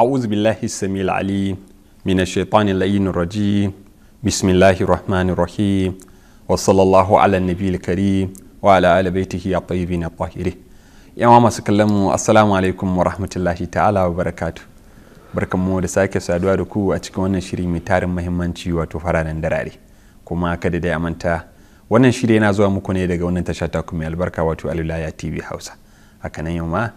أعوذ بالله السميع العليم من الشيطان اللئيم الرجيم بسم الله الرحمن الرحيم وصلى الله على النبي الكريم وعلى آل بيته الطيبين الطاهرين يا ماما سكلمو السلام عليكم ورحمة الله تعالى وبركاته barkanmu da sake saduwa da ku a cikin wannan shiri mai tarin mahimmanci wato fararen darare kuma kada da manta wannan shiri yana zuwa muku ne daga wannan tasha ta kuma albarka wato alulaya tv hausa hakanan yau ma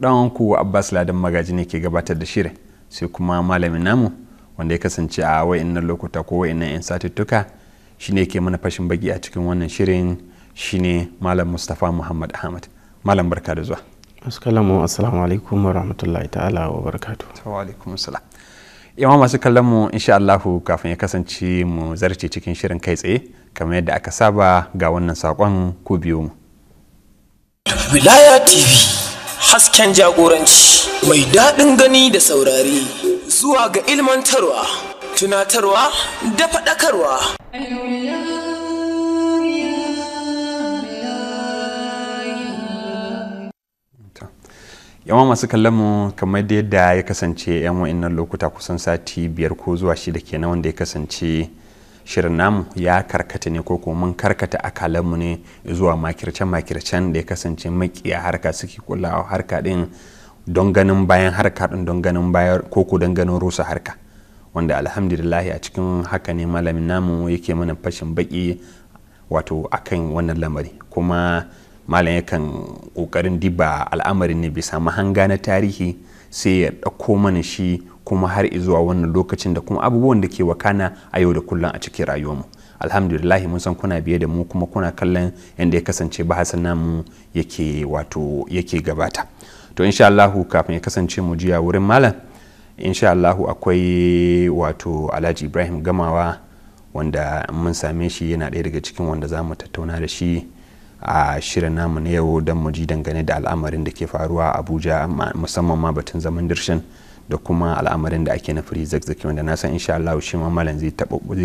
ɗan ku abbas ladan magaji ne ke gabatar da shirin sai kuma malamin namu wanda ya kasance a wa'innan lokuta ko wa'innan yan satuttuka shine ke mana fashin baki a cikin wannan shirin shine malam mustapha muhammad ahmad malam barka da zuwa assalamu assalamu alaikum wa rahmatullahi ta'ala wa barakatu wa alaikum assalam masu kallon mu insha Allahu kafin ya kasance mu zarce cikin shirin kai tsaye kamar yadda aka saba ga wannan sakon ku biyo mu wilaya tv hasken jagoranci mai daɗin gani da saurari zuwa ga ilmantarwa tunatarwa da faɗakarwa yawan masu kallon mu kamar da yadda ya kasance yan wa'annan lokuta kusan sati biyar ko zuwa shida kenan wanda ya kasance shirin namu ya karkata ne ko kuma mun karkata akalanmu ne zuwa makirce-makircen da ya kasance makiya harka suke kulawa harka din don ganin bayan harka din don ganin bayar ko don ganin rusa harka wanda alhamdulillahi a cikin haka ne malamin namu yake mana fashin baki wato akan wannan lamari kuma malam yakan kokarin diba al'amarin ne bisa mahanga na tarihi sai ya dauko mana shi kuma har zuwa wannan lokacin da kuma abubuwan da ke wakana a yau da kullum a cikin rayuwarmu alhamdulillahi mun san kuna biye da mu kuma kuna kallon yadda ya kasance hasan namu yake wato yake gabata to insha Allahu kafin ya kasance mu jiya wurin malam insha Allahu akwai wato Alhaji Ibrahim Gamawa wanda mun same shi yana ɗaya daga cikin wanda za mu tattauna da shi a shirin namu na yau don mu ji dangane da al'amarin da ke faruwa a Abuja musamman ma batun zaman dirshin da kuma al'amarin da ake na free zakzaki wanda na san insha Allah shi ma malam zai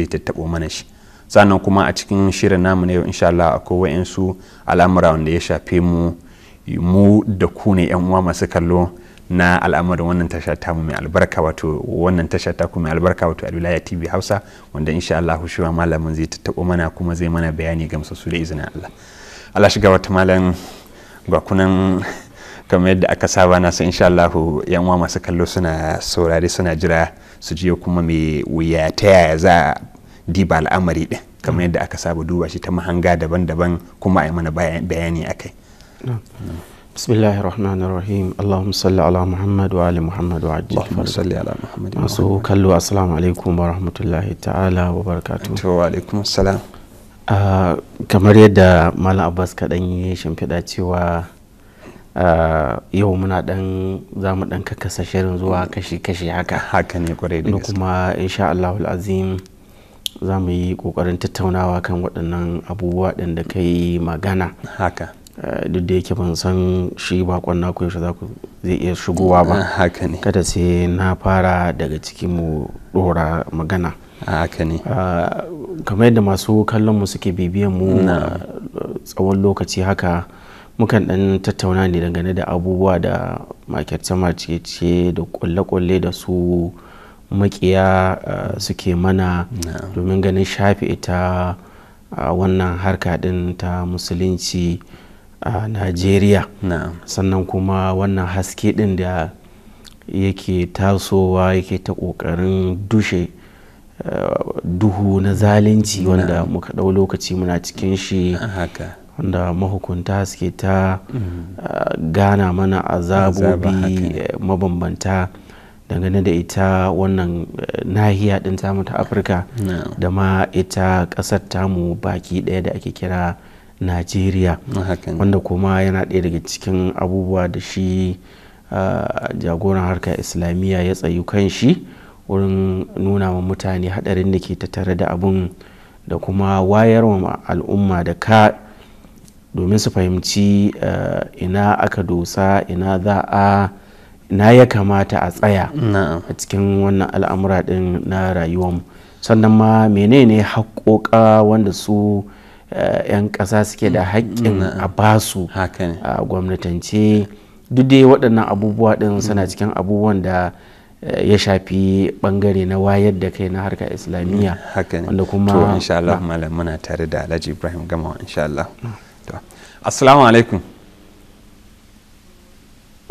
tattabo mana shi sannan kuma a cikin shirin namu ne, yau insha Allah akwai wayansu al'amura wanda ya shafe mu mu da ku ne yan uwa masu kallo na al'amarin wannan tasha ta mu mai albarka wato wannan tasha ta ku mai albarka wato Alwilaya TV Hausa wanda insha Allah shi ma malamin zai tattabo mana kuma zai mana bayani su da izinin Allah Allah shiga wata malam ga kamar yadda aka saba na san insha Allah yan uwa masu kallo suna saurare suna jira su jiya kuma mai wuya ta yaya za a diba al'amari din kamar yadda aka saba duba shi ta mahanga daban-daban kuma a yi mana bayani a kai. bismillahir rahmanir rahim allahumma salli ala muhammad wa ali muhammad wa ajji. allahumma salli ala muhammad masu kallo assalamu alaikum wa rahmatullahi ta'ala wa barakatuh to wa alaikum assalam ah, kamar yadda malam abbas kaɗan yi shimfiɗa cewa Eh, yau muna dan za mu dan kakkasa shirin zuwa kashi-kashi haka haka ne kwarai da kuma insha Allah azim za mu yi kokarin tattaunawa kan waɗannan abubuwa ɗin da ka yi magana haka eh, duk da yake ban san shi ba naku yaushe za ku zai iya shigowa ba ah, haka ne kada sai na fara daga cikin mu ɗora magana ah, haka ne eh, kamar yadda masu kallon mu suke bibiyan mu tsawon lokaci haka mukan dan tattauna ne dangane da abubuwa da sama ce da kulle-kulle da su makiya eh, suke mana domin ganin shafi ita wannan harka din ta musulunci a najeriya sannan kuma wannan haske din da yake tasowa yake ta kokarin dushe eh, duhu na zalunci wanda muka ɗau lokaci muna cikin shi wanda mahukunta suke ta mm. ah, gana mana azabobi eh, mabambanta dangane da ita wannan eh, nahiya din tamu ta afirka da ma ita kasar tamu baki daya da ake kira najeriya wanda kuma yana daya daga cikin abubuwa da shi ah, jagoran harkar islamiyya ya tsayu kan shi wurin nuna wa mutane hadarin da ke tattare da abun da kuma wayar al'umma da ka domin su fahimci eh, ina aka dosa ina za a na ya kamata a tsaya a cikin wannan al'amura din na mu sannan ma menene haƙoƙa wanda su 'yan eh, ƙasa suke da haƙƙin a basu a gwamnatance duk dai waɗannan abubuwa ɗin suna mm. cikin abubuwan da eh, ya shafi bangare na wayar da kai na harka islamiyya wanda kuma to insha Allah muna tare da Alhaji Ibrahim Gama insha Allah assalamu alaikum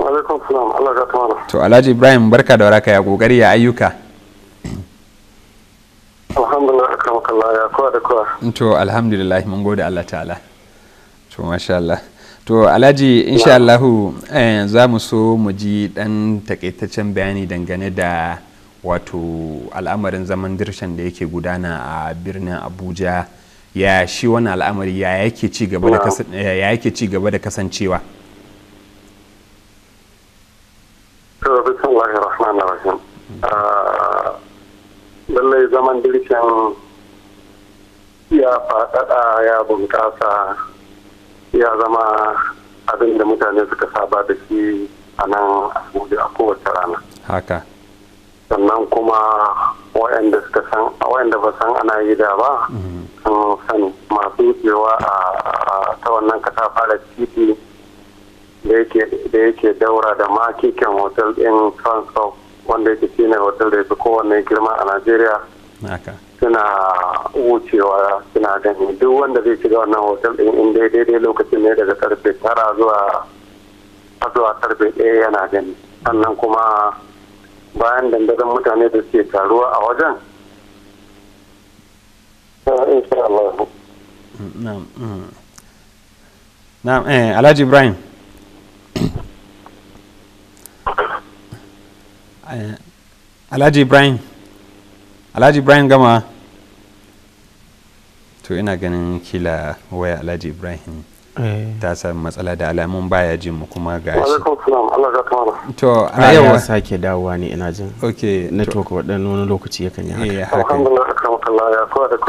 alaikum salam to alhaji ibrahim barka da waraka ya gogari ya ayyuka alhamdulillah ya kowa da kowa to alhamdulillah mun gode Allah ta'ala to masha Allah to alhaji inshaAllahu eh, za mu so mu ji dan takaitaccen bayani dangane da wato al'amarin zaman dirshan da yake gudana a birnin abuja ya shi wani al'amari ya yake ci gaba da kasancewa hmm. ah, zaman dirkin ya faɗaɗa ya bunƙasa ya zama abin da mutane suka saba da shi a nan a kowace rana haka sannan kuma waɗanda ba san ana yi da ba hmm. sun sani masu wucewa a ta wannan kasa fara titi da yake daura da ma keken hotel ɗin transcorp wanda yake ne hotel da ya fi girma a najeriya suna wucewa suna gani duk wanda zai shiga wannan hotel din in daidai lokacin ne daga karfe tara zuwa zuwa karfe ɗaya yana gani sannan kuma bayan dandazon mutane da suke taruwa a wajen Mm. Eh, Alhaji Ibrahim eh, Alhaji Ibrahim Alhaji Ibrahim gama to ina ganin kila waya Alhaji Ibrahim eh. ta samu matsala da alamun baya jin mu kuma ga shi to a yau sake dawowa ne ina jin okay network waɗannan wani lokaci yakan yi haka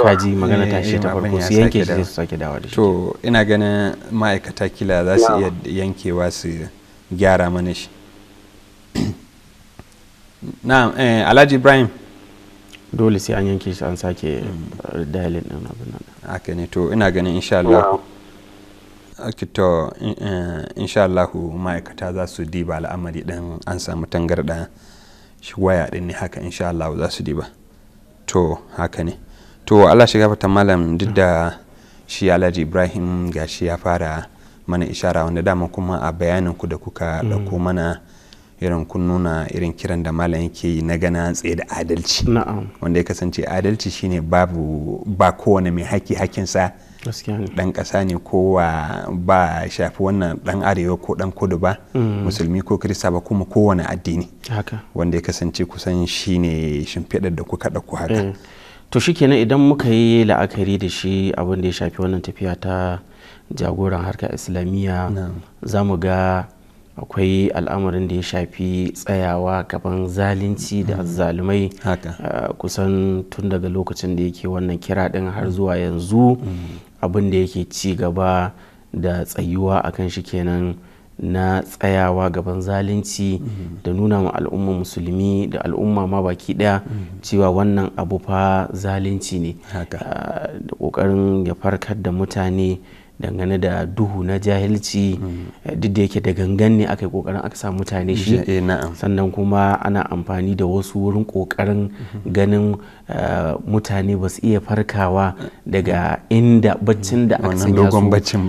kaji magana eh, ta shi eh, ta farko su yanke shi su sake dawa da shi to ina ganin ma'aikata kila za su iya yankewa su gyara mana shi na'am eh Alhaji Ibrahim dole sai an yanke shi an sake hmm. uh, dalilin din abin nan haka ne to ina ganin insha Allah to eh, insha Allah ma'aikata za su diba al'amari din an samu tangarda shi waya din ne haka insha Allah za su diba to haka ne to allah shiga fata malam duk da shi alhaji ibrahim gashi ya fara mana ishara wanda dama kuma a bayanin ku da kuka mm. ɗauko mana irin kun nuna irin kiran da malam yake yi na gana tsaye da adalci wanda ya kasance adalci shine babu ba kowane mai haƙi sa. dan kasa ne kowa ba shafi wannan dan arewa ko dan kudu ba mm. musulmi ko kirista ba kuma kowane addini wanda ya kasance kusan shine shimfiɗar da kuka ɗauko haka mm. to kenan idan muka yi la'akari da shi abin da ya shafi wannan tafiya ta jagoran harkar islamiyya za mu ga akwai al'amarin da ya shafi tsayawa gaban zalunci da mm. azzalumai ah, kusan tun daga lokacin da yake wannan kira din har zuwa yanzu abin da yake ci gaba da tsayuwa a kan shi kenan na tsayawa gaban zalunci mhm. da nuna ma al'umma musulmi da al'umma ma baki daya mhm. cewa wannan abu fa zalunci ne ah, da kokarin ya farkar da mutane dangane da duhu na jahilci eh, duk da yake da gangan ne aka yi kokarin aka sa mutane shi eh, sannan kuma ana amfani da wasu wurin kokarin mhm. ganin eh, mutane ba su iya farkawa daga inda baccin da aka sanya su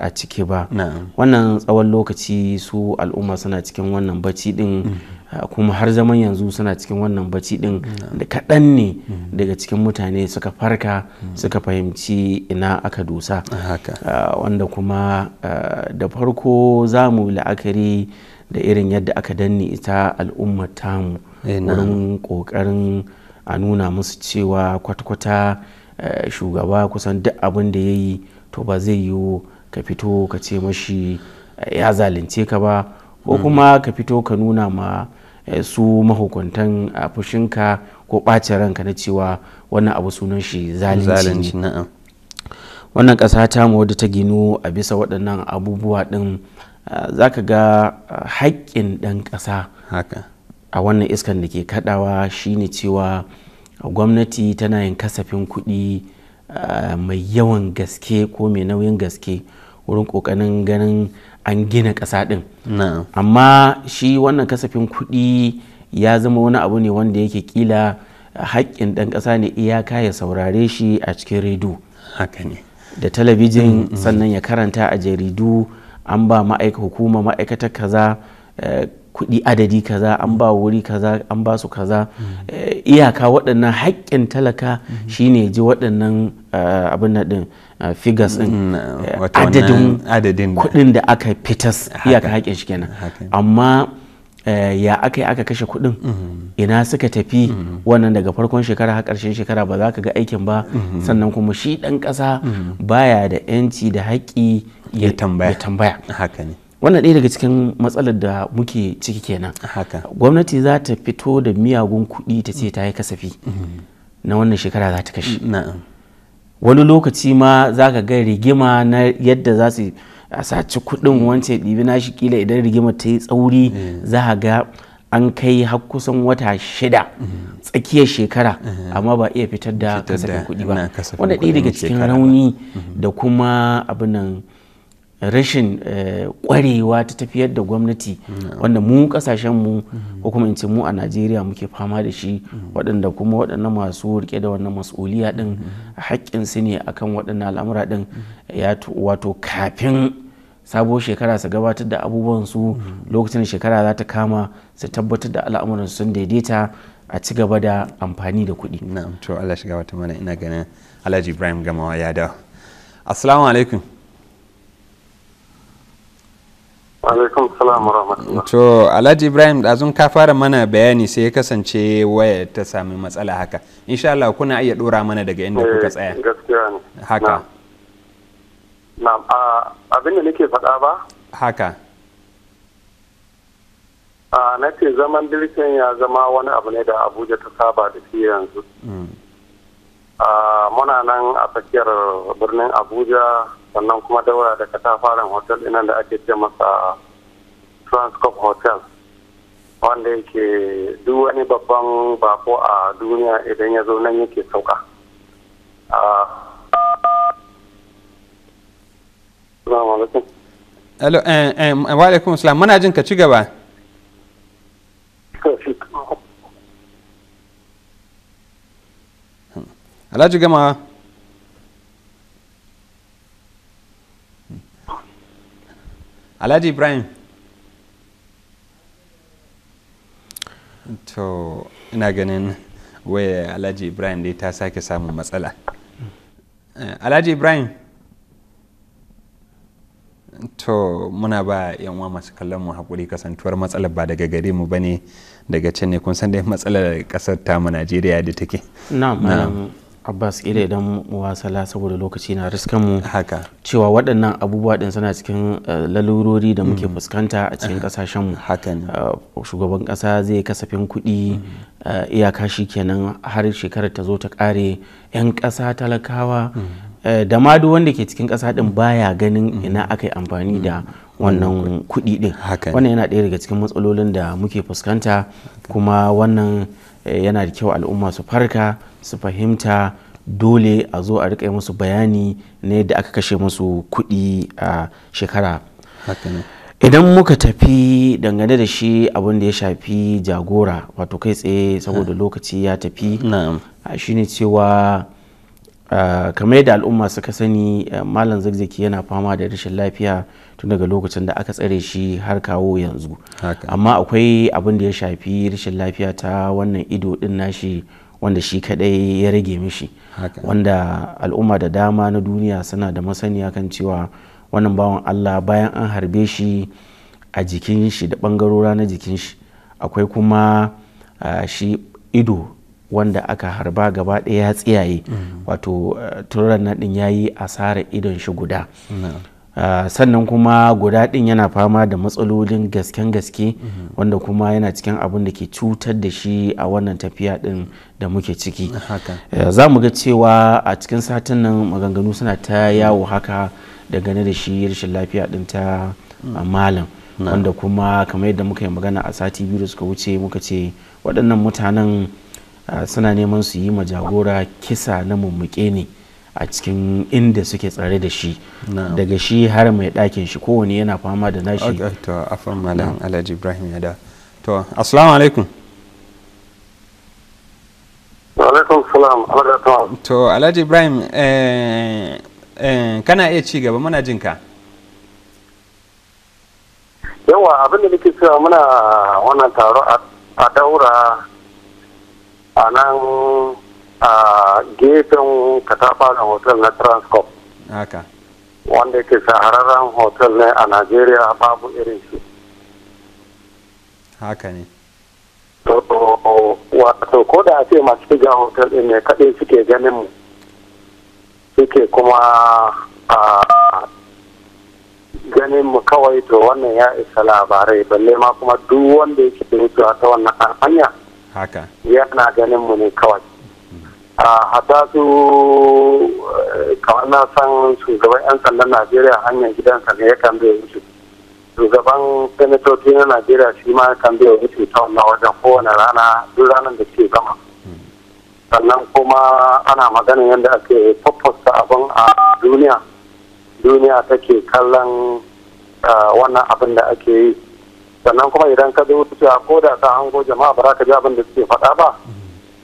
a ciki ba wannan tsawon lokaci su al'umma suna cikin wannan bacci din mhm. Ah, kuma har zaman yanzu suna cikin wannan bacci din da kaɗan ne mm. daga cikin mutane suka farka mm. suka fahimci ina aka dosa ah, wanda kuma ah, da farko za mu la'akari da irin yadda aka danne ita al'ummar tamu eh, wurin ƙoƙarin a nuna musu cewa kwata eh, shugaba kusan duk abin da ya yi to ba zai yi ka fito ka ce mashi eh, ya zalunce ka ba ko mm. kuma ka fito ka nuna ma Eh, su mahukuntan a fushinka ko ɓacin ranka na cewa wannan abu sunan shi zalunci ne wannan ƙasa ta mu wadda ta ginu a bisa waɗannan abubuwa ɗin za ka ga haƙƙin ɗan ƙasa a wannan iskan da ke kaɗawa shine cewa gwamnati tana yin kasafin kuɗi mai yawan gaske ko mai nauyin gaske wurin ƙoƙarin ganin an gina ƙasa ɗin amma shi wannan kasafin kuɗi ya zama wani abu ne wanda yake kila haƙƙin ɗan ƙasa ne iyaka ya saurare shi a cikin redu da talabijin mm, mm. sannan ya karanta a jaridu an ba ma'aikata hukuma ma'aikatar kaza eh, kuɗi adadi kaza an ba wuri kaza an ba su kaza eh, iyaka waɗannan haƙƙin talaka shine ji waɗannan eh, abin na ɗin eh, figures ɗin mm, adadin kuɗin da aka fitas iyaka haƙƙin shi kenan amma ya aka yi aka kashe kuɗin mm-hmm. ina suka tafi mm-hmm. wannan daga farkon shekara har ƙarshen shekara ba za ka ga aikin ba mm-hmm. sannan kuma shi ɗan ƙasa baya da 'yanci da haƙƙi ya tambaya haka ne wannan ɗaya daga cikin matsalar da muke ciki kenan gwamnati za ta fito da miyagun kuɗi ta ce ta yi kasafi mm-hmm. na wannan shekara za ta kashe mm, wani lokaci ma za ka ga rigima na yadda za su saci kuɗin mm. wance ɗibi na shi kila idan rigima ta yi tsauri mm. za ka ga an kai har kusan wata shida mm-hmm. tsakiyar shekara mm-hmm. amma ba iya fitar da kasafin kuɗi ba wanda ɗaya daga cikin rauni da kuma abinan rashin eh, kwarewa ta tafiyar da gwamnati wanda mu kasashen mu mm-hmm. ko kuma in ce mu a najeriya muke fama da shi mm-hmm. waɗanda kuma waɗannan masu rike da wannan mas'uliya ɗin mm-hmm. haƙƙin su ne akan waɗannan al'amura ɗin wato kafin sabuwar shekara su gabatar da abubuwan su lokacin da shekara za ta kama su tabbatar da al'amuran sun daidaita a ci gaba da amfani da kuɗi. na'am to Allah shiga wata mana ina ganin Alhaji Ibrahim Gamawa ya dawo. Assalamu alaikum. alaikum salam rahmatullah to alhaji ibrahim ɗazun ka fara mana bayani sai ya kasance waya ta sami matsala haka insha Allah kuna iya ɗora mana daga inda eh, kuka tsaya haka na ah, abin da nake faɗa ba haka a ah, na ce zaman birkin ya zama wani abu ne da abuja ta saba da shi yanzu mm. ah, muna nan a tsakiyar birnin abuja sannan kuma daura da katafaren hotel ɗin da ake ce masa transcorp hotel wanda yake duk wani babban bako a duniya idan ya zo nan yake sauka Hello, eh, eh, wa alaikum salam muna jin ka ci gaba. Alhaji gama alhaji ibrahim to ina ganin waya alhaji ibrahim dai ta sake samun matsala eh, alhaji ibrahim to muna ba yan uwa masu kallon mu hakuri kasantuwar matsalar ba daga gare mu ba ne daga can ne kun san dai matsalar kasar tamu najeriya da take na'am abbas ila mm. idan wasala saboda lokaci na riskan mu haka cewa waɗannan abubuwa ɗin suna cikin eh, lalurori da muke mm. fuskanta a cikin ƙasashen mu eh, shugaban ƙasa zai kasafin kuɗi mm. eh, iyaka shi kenan har shekarar ta zo ta ƙare 'yan ƙasa talakawa da ma duk wanda ke cikin ƙasa ɗin baya ganin ina aka yi amfani da wannan kuɗi ɗin wannan yana ɗaya daga cikin matsalolin da muke fuskanta kuma wannan Eh, yana da kyau al'umma su farka su fahimta dole a zo a riƙe musu bayani ne da aka kashe musu kuɗi a shekara idan muka tafi dangane da shi abin da ya shafi jagora wato kai tsaye saboda lokaci ya tafi shine cewa Eh, kamar yadda al'umma suka sani eh, malam zagzaki yana fama da rashin lafiya tun daga lokacin da aka tsare shi har kawo yanzu amma akwai abin da ya shafi rashin lafiya ta wannan ido din nashi wanda shi kadai ya rage mishi wanda al'umma da dama na duniya suna da masaniya kan cewa wannan bawan allah bayan an harbe shi a jikin shi da bangarora na jikin shi akwai kuma eh, shi ido wanda aka harba gaba ɗaya ya tsiyaye mm. wato eh, turan naɗin din ya yi asarar idon shi guda eh, sannan kuma guda ɗin yana fama da matsalolin gasken gaske mm-hmm. wanda kuma yana cikin abin da ke cutar da shi a wannan tafiya ɗin da muke ciki eh, za mu ga cewa a cikin satin nan maganganu suna ta yawo haka dangane da shi rashin lafiya ɗin ta mm. malam wanda kuma kamar yadda muka yi magana a sati biyu da suka wuce muka ce waɗannan mutanen Ah, suna neman su yi ma jagora kisa na mummuke ne a cikin inda suke tsare da shi daga shi har mai ɗakin shi kowane yana fama da nashi to afan malam alhaji ibrahim yada to assalamu alaikum to alhaji ibrahim eh, eh, kana iya ci gaba muna jinka yawa abinda nake cewa muna wannan taro a daura a nan a gefen katafaren hotel na transcorp wanda ke shahararren hotel ne a nigeria babu irin shi haka ne wato ko da ce masu shiga hotel din ne kaɗai suke ganin mu suke kuma a ganin mu kawai to wannan ya isa labarai balle ma kuma duk wanda yake wucewa ta wannan hanya haka yana ganin mu ne kawai a hada su eh, kamar na san shugaban yan sandan najeriya hanyar gidansa ne ya kan bai wuce shugaban senatoci na najeriya shi ma kan bai wuce ta wannan wajen kowane rana duk ranar da ke gama sannan kuma ana magana yadda ake fafasta abin a duniya duniya take kallon eh, wannan abin da ake yi sannan kuma idan ka zo cewa ko da ka hango jama'a ba za ka ji abin da suke faɗa ba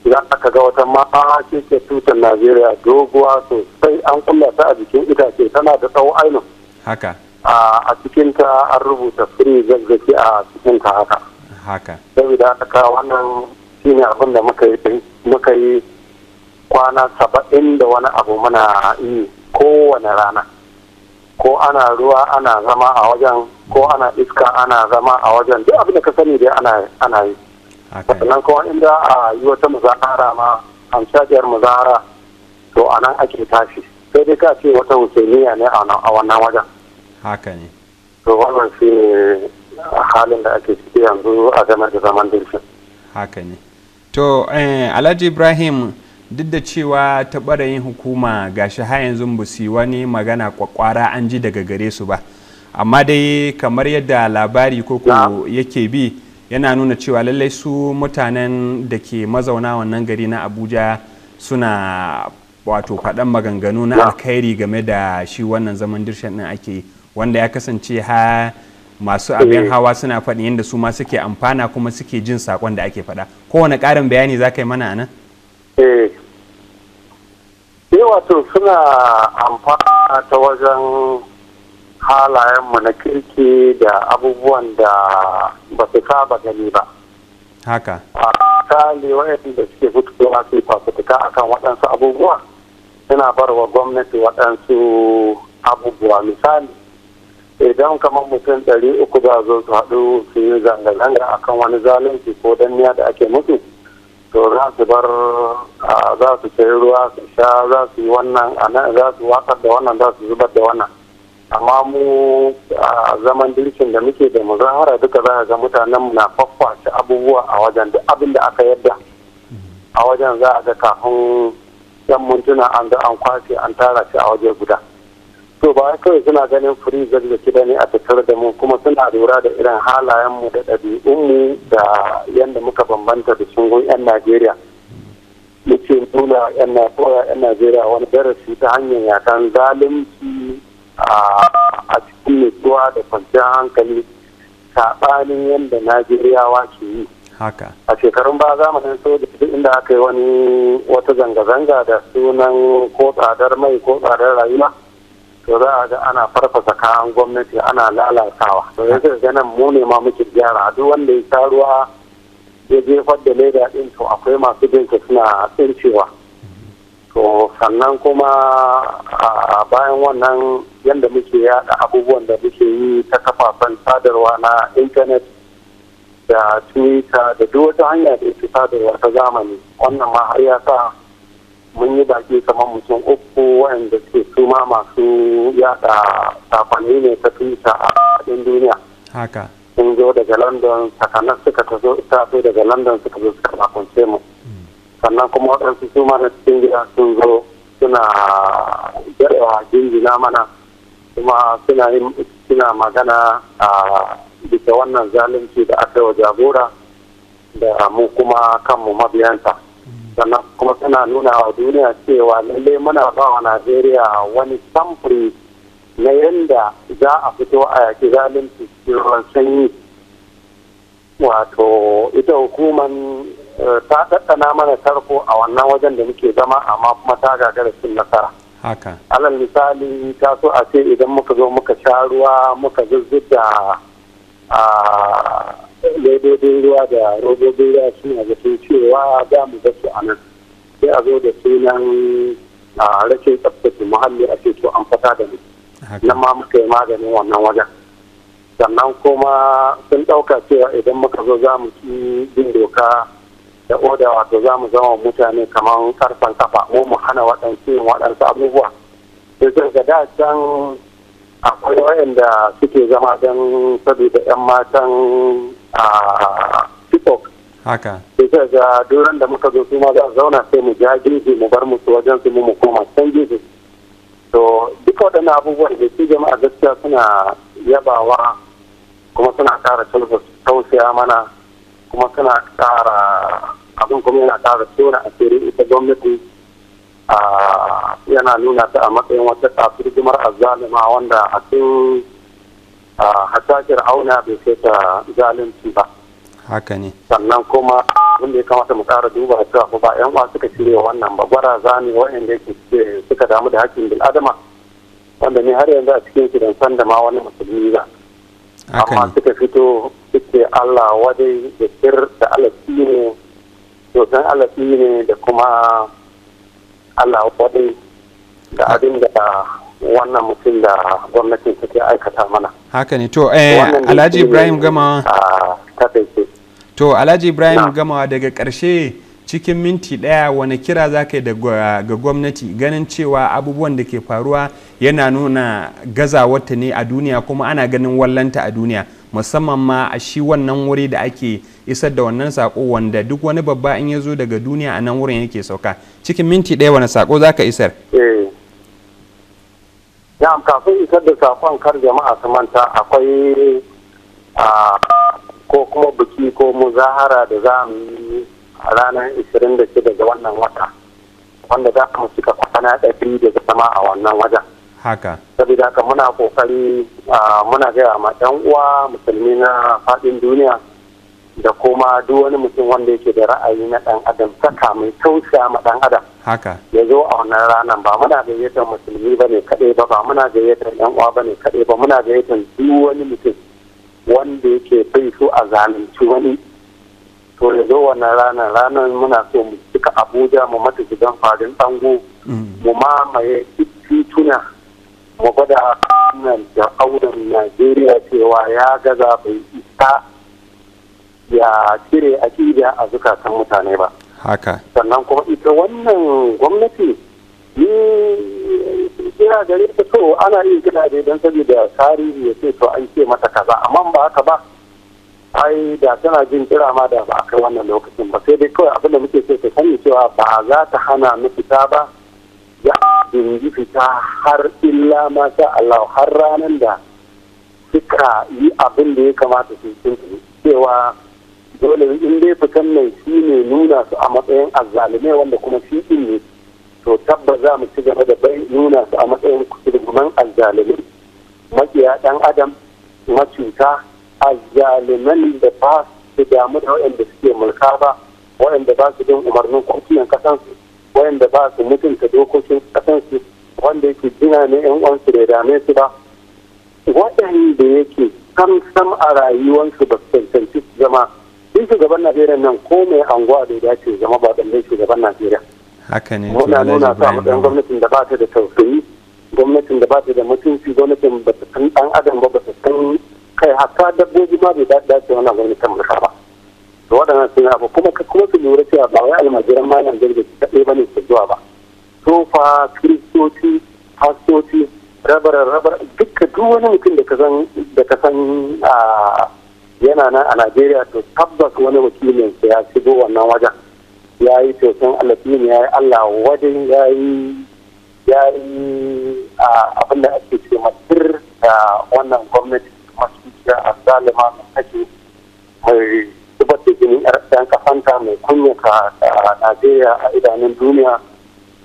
idan aka ga wata mata ce ke tutar najeriya doguwa sosai an kulla ta a jikin itace tana da tsawo ainihin haka a cikin ta an rubuta firi zazzaki a cikin ta haka haka saboda haka wannan shine abin da muka yi muka yi kwana saba'in da wani abu muna yi kowane rana ko ana ruwa ana zama a wajen ko ana iska ana zama a wajen duk abin da ka sani dai ana ana yi sannan kuma inda a yi wata muzahara ma hamshajiyar muzahara to a nan ake tashi sai dai ka ce wata hussainiya ne a wannan wajen haka ne to wannan shi ne halin da ake ciki yanzu a game da zaman dirshin haka ne to eh, alhaji ibrahim duk da cewa ta ɓarayin hukuma gashi ha yanzu ba su yi wani magana kwakwara an ji daga gare su ba amma dai kamar yadda labari koko yake bi yana nuna cewa lallai su mutanen da ke mazauna wannan gari na abuja suna wato faɗan maganganu na alkhairi game da shi wannan zaman dirshan din ake wanda ya kasance ha masu abin eh. hawa suna faɗin yadda su ma suke amfana kuma suke jin saƙon da ake faɗa kowane ƙarin bayani za ka yi mana nan? Eh. eh wato suna amfana ta wajen halayenmu na kirki da abubuwan da ba su saba gani ba haka a misali da suke fitowa su fafutuka kan waɗansu abubuwa suna barwa gwamnati waɗansu abubuwa misali idan kamar mutum ɗari uku za zo su haɗu su yi zanga-zanga kan wani zalunci ko danniya da ake mutu to za su bar za su sayi ruwa su sha za su yi wannan a nan za su watsar da wannan za su zubar da wannan amma mu a zaman dirkin da muke da muzahara duka za ga mutanen na faffashe abubuwa a wajen duk abin da aka yadda mm-hmm. a wajen za a ga kafin yan mintuna an ga an kwashe an tara shi a waje guda to ba kawai suna ganin firi da da ne a tattar da mu kuma suna lura da irin halayen mu da ɗabi'unmu da yadda muka bambanta da sungun 'yan najeriya muke nuna 'yan najeriya wani darasi ta hanyar yakan zalunci a cikin nutsuwa da kwanciyar hankali saɓanin yadda najeriyawa ke yi a shekarun ba so da duk inda aka yi wani wata zanga-zanga da sunan ko tsadar mai ko tsadar rayuwa to za a ga ana farfasa kayan gwamnati ana lalatawa to yanzu ga nan mu ne ma muke gyara duk wanda ya sa ruwa ya jefar da leda ɗin to akwai masu jinka suna tsincewa to sannan kuma a bayan wannan yadda muke yada abubuwan da muke yi ta kafafen sadarwa na intanet da twitter da duk wata hanya da ita sadarwa ta zamani wannan ma har ya sa mun yi baki kamar mutum uku wayanda suke suma masu yada sakonni ne ta twitter a faɗin duniya haka sun zo daga london sakanar suka ta zo daga london suka zo suka bakunce mu hmm. sannan kuma waɗansu su mana cikin gida sun zo suna jarewa jinjina mana kuma suna yi suna magana a bisa wannan zalunci da aka wa jagora da mu kuma kanmu mabiyanta sannan kuma suna nuna wa duniya cewa lallai muna ba wa najeriya wani samfuri na yadda za a fito a yaki zalunci cikin sanyi wato ita hukuman Eh, ta ɗaɗɗana mana tarko a wannan wajen da muke zama amma kuma ta gagara cin nasara alal misali ta so a ce idan muka zo muka sha ruwa muka zuzzuta a lebobin ruwa da robobin ruwa suna da sun cewa za mu ga su a nan sai a zo da sunan a rashin tsaftace muhalli a ce to an fata da mu nan ma muka yi maganin wannan wajen sannan kuma sun ɗauka cewa idan muka zo za mu ci bin doka da oda wato za mu zama mutane kamar karfan kafa mu mu hana waɗansu yin waɗansu abubuwa sai ga da can akwai wayanda suke zama don saboda 'yan matan a tiktok haka sai ga duran da muka zo su ma za zauna sai mu ja gefe mu bar musu wajen su mu koma san gefe to duk waɗannan abubuwan da su jama'a gaskiya suna yabawa kuma suna ƙara tausaya mana kuma suna ƙara abin kuma yana ƙara a tsere ita gwamnati yana nuna ta a matsayin wata kafin jimar azalima wanda a cikin hasashen auna bai kai ta zalunci ba haka ne sannan kuma wanda ya kamata mu ƙara duba cewa ba yan uwa suka shirya wannan ba gwaraza ne yake suka damu da hakkin bil'adama wanda ne har yanzu a cikin san da ma wani musulmi ba amma suka fito suke Allah wadai da sir da alaƙi ne dokan alafi ne da kuma allah wadai da abin da wannan mutum da gwamnatin take aikata mana haka ne to eh, alhaji ibrahim gama to alhaji ibrahim gama daga karshe cikin minti ɗaya wani kira za ka yi ga gwamnati ganin cewa abubuwan da ke faruwa yana nuna gazawarta ne a duniya kuma ana ganin wallanta a duniya musamman ma a shi wannan wuri da ake isar da wannan sako wanda duk wani babba in ya zo daga duniya a nan wurin yake sauka cikin minti ɗaya wani sako za ka isar eh. na'am kafin isar da sakon kar jama'a su manta akwai ko kuma biki ko muzahara da za mu yi a ranar 26 ga wannan wata wanda za mu cika kwana ɗari da zama a wannan wajen haka saboda haka muna kokari muna gaya ma 'yan uwa musulmi na faɗin duniya da kuma duk wani mutum wanda yake da ra'ayi na dan adam saka mai tausaya ma dan adam haka ya zo a wannan ranar ba muna gayyatar musulmi ba ne kaɗai ba ba muna gayyatar yan uwa ba ne kaɗai ba muna gayyatar duk wani mutum wanda yake bai so a zalunci wani to ya zo wannan ranar ranar muna so mu cika abuja mu mata gidan farin dango mm. mu mamaye tituna mu gwada nan da auren najeriya cewa ya gaza bai isa ya cire akida a zukatan mutane ba haka sannan kuma ita wannan gwamnati ni kira gare ta to ana yin kira dai don saboda tarihi ya ce to an ce mata kaza amma ba haka ba ai da tana jin kira ma da ba a kai wannan lokacin ba sai dai kawai abin da muke so ta sani cewa ba za ta hana mu fita ba ya dingi fita har illa ma sha Allah har ranar da suka yi abin da ya kamata su cewa dole in dai fitan mai shi ne nuna su a matsayin azzalumai wanda kuma shi din ne to tabba za mu ci gaba da bai nuna su a matsayin kusurguman azzalumai makiya dan adam macuta azzaluman da ba su damu da waɗanda suke mulka ba waɗanda ba su bin umarnin kotunan kasansu waɗanda ba su mutunta dokokin kasansu wanda yake jina ne yan uwansu da dame su ba waɗanda yake sam sam a rayuwarsu ba su zama duk shugaban najeriya nan ko mai anguwa ya dace zama ba ɗan shugaban najeriya haka ne muna nuna sa matsayin gwamnatin da ba ta da tausayi gwamnatin da ba ta da mutunci gwamnatin ba ta san ɗan adam ba ba ta san kai hatta dabbobi ma bai dace wannan gwamnatin mulka ba to waɗannan sun abu kuma kuma su lura cewa ba wai almajiran malam jirgin kaɗai ba ne su zuwa ba fa kiristoci fastoci rabar rabar duka duk wani mutum da ka san ah, yana nan a najeriya to tabbas wani wakilin ya shigo wannan wajen ya yi tosin alafini ya yi allah wajen ya yi ya yi abin da ake ce masir da wannan gwamnati masu a asalima mai kashe mai zubar da jini yar ɗan mai kunyaka a najeriya a idanun duniya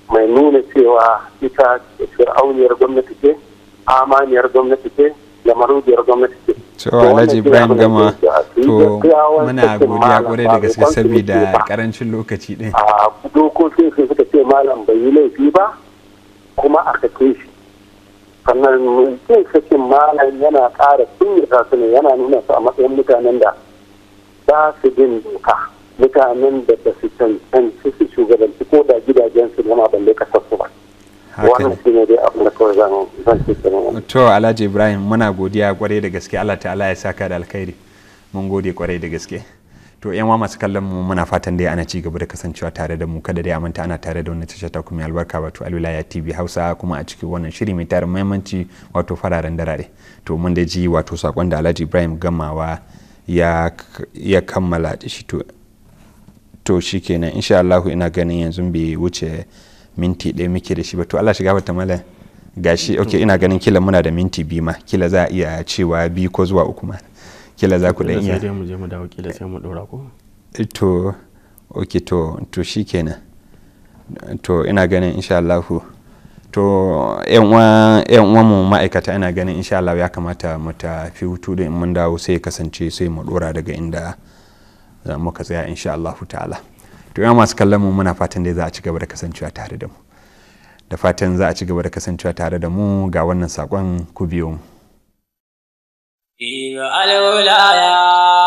mai nuna cewa ita fir'auniyar gwamnati ce amaniyar gwamnati ce lamarin biyar gwamnati ce alhaji ibrahim gama to muna godiya kwarai da gaske saboda karancin lokaci din a dokokin sun suka ce malam bai yi laifi ba kuma a sake shi sannan yin sakin malam yana ƙara kunyata su ne yana nuna su a matsayin mutanen da ba su bin doka mutanen da ba su cancanci su shugabanci ko da gidajensu zama ban kasar su ba wannan shi ne dai abin da kawai zan zan to alhaji ibrahim muna godiya kwarai da gaske allah ta'ala ya saka da alkhairi mun gode kwarai da gaske to yan masu kallon mu muna fatan dai ana ci gaba da kasancewa tare da mu kada dai a manta ana tare da wannan tasha ta kuma albarka wato alwilaya tv hausa kuma a cikin wannan shiri mai tarin mahimmanci wato fararen darare to mun da ji wato sakon da alhaji ibrahim gamawa ya kammala shi to to shikenan insha Allah ina ganin yanzu bai wuce minti ɗaya muke da shi ba to Allah shiga ta mala gashi ok ina ganin kila muna da minti biyu ma kila za a iya cewa biyu ko zuwa uku ma kila za ku dan iya sai mu je mu dawo kila sai mu dora ko eh, to ok to to shikenan to ina ganin insha Allah to yan uwa mu ma'aikata ina ganin insha Allah ya kamata mu tafi hutu da in mun dawo sai kasance sai mu dora daga inda za mu ka tsaya insha Allah ta'ala to ya masu kallon mu muna fatan dai za a ci gaba da kasancewa tare da mu da fatan za a ci gaba da kasancewa tare da mu ga wannan sakon ku biyo mu